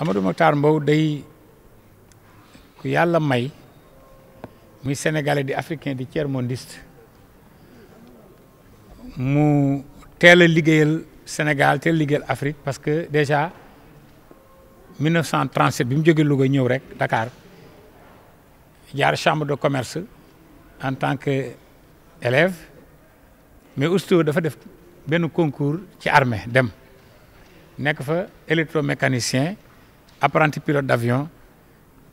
Amadou Mahtar mbaw day ku yàlla may muy sénégalais di africain di tiers-mondiste mu teel a liggéeyal Sénégal teel a liggéeyal Afrique parce que déjà 1937 bi mu jógee Louga ñëw rek Dakar jaar chambre de commerce en tant que élève mais aussitôt dafa def benn concours ci armée dem nekk fa électromécanicien apprenti pilote d' avion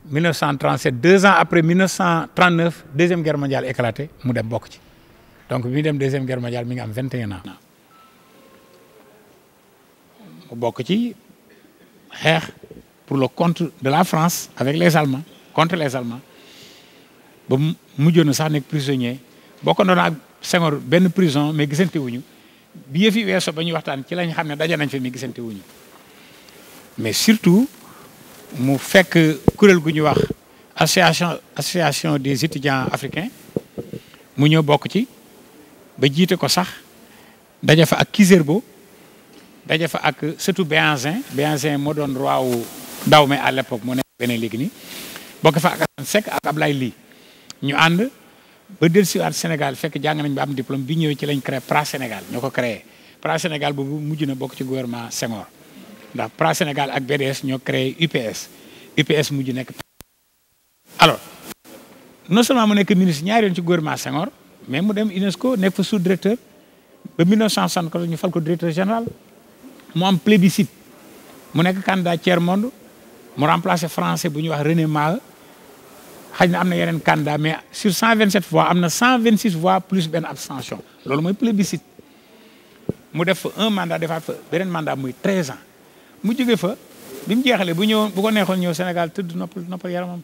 1937 deux ans après 1939 deuxième guerre mondiale éclaté mu dem bokk ci donc bi dem deuxième guerre mondiale mi ngi am 21 ans. mu bokk ci xeex pour le contre de la France avec les Allemands contre les Allemands ba mu mujjoon sax nekk prisonnier bokkoon na ak Senghor benn prison mais gisante wuñu bi yëf yi weesoo ba ñuy waxtaan ci lañ xam ne daje nañ fi mais gisante wuñu mais surtout. mu fekk kuréel gu ñu wax association association des étudiants africains mu ñëw bokk ci ba jiite ko sax daje fa ak Kizerbo daje fa ak surtout Béhanzin Béhanzin moo doon roi wu Dahomey à l'époque moo nekk beneen léegi nii bokk fa ak ab Seck ak Ablaye ñu ànd ba dellusiwaat Sénégal fekk jàng nañ ba am diplôme bi ñëwee ci lañ créé PRA Sénégal ñoo ko créé PRA Sénégal boobu mujj na bokk ci gouvernement Senghor ndax PRA Sénégal ak ñoo créé UPS UPS mujj nekk. alors non seulement mu nekk ministre ñaari yoon ci gouvernement Senghor mais mu dem UNESCO nekk fa sous directeur ba 1974 ñu fal directeur général mu am plébiscite mu nekk candidat tiers monde mu remplacé français bu ñuy wax René Maheu na am na yeneen candidat mais sur 127 fois am na 126 voix plus benn abstention loolu mooy plébiscite mu def fa un mandat defaat fa beneen mandat muy 13 ans. mu jóge fa bi mu jeexalee bu ñëw bu ko neexoon ñëw Sénégal tëdd noppal noppal yaramam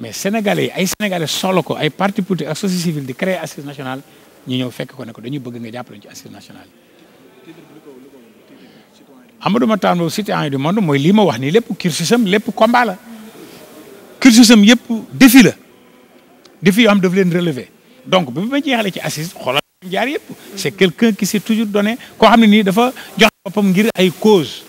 mais sénégalais yi ay sénégalais soxla ko ay parti politique ak société civile di créer assise nationale ñu ñëw fekk ko ne ko dañuy bëgg nga jàppale ci assise nationale yi. Amadou Mahtar Mbow citoyen du mooy lii ma wax nii lépp cursusam lépp combat la cursusam yëpp défi la défi yoo xam daf leen relever donc bu ma jeexalee ci assise xoolal jaar yëpp. c'est quelqu'un qui s'est toujours donné koo xam ne nii dafa jox boppam ngir ay cause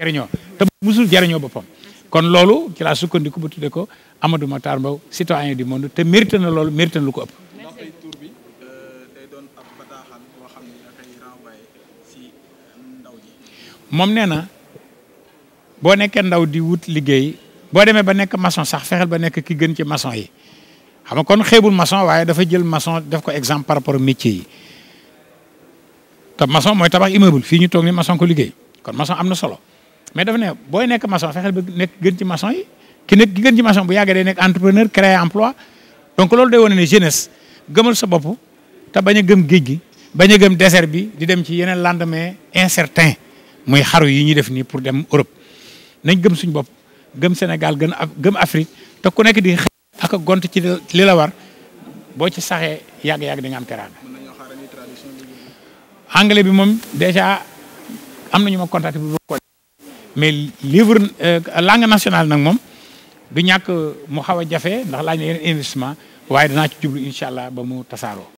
jariñoo te musul jariñoo boppam kon loolu ci laa sukkandiku ba tuddee ko amaduma Matar Mbow citoyen du monde te mérite na loolu mérite ko ëpp euh, moom nee na boo nekkee ndaw di wut liggéey boo demee ba nekk maçon sax fexeel ba nekk ki gën ci maçon yi xam nga kon xeebul maçon waaye dafa jël maçon def ko exemple par rapport métier yi te maçon mooy tabax immeuble fii ñu toog ni maçon ko liggéey kon maçon am na solo mais dafa ne booy nekk maçon fexeel ba nekk gën ci maçon yi ki nekk ki gën ci maçon bu yàggee day nekk entrepreneur créer emploi donc loolu day wane ne jeunesse gëmal sa bopp te bañ a gëm géej gi bañ a gëm désert bi di dem ci yeneen lendemain incertain muy xaru yi ñuy def nii pour dem Europe nañ gëm suñ bopp gëm Sénégal gën gëm Afrique te ku nekk di xëy ak gont ci li la war boo ci saxee yàgg-yàgg di nga am teraanga anglais bi moom dèjà am nañu ma contact bi ko mais livre euh, langue nationale nag moom du ñàkk mu xaw a jafe ndax laaj na yeneen investissement waaye danaa ci jublu incha allah ba mu tasaaroo.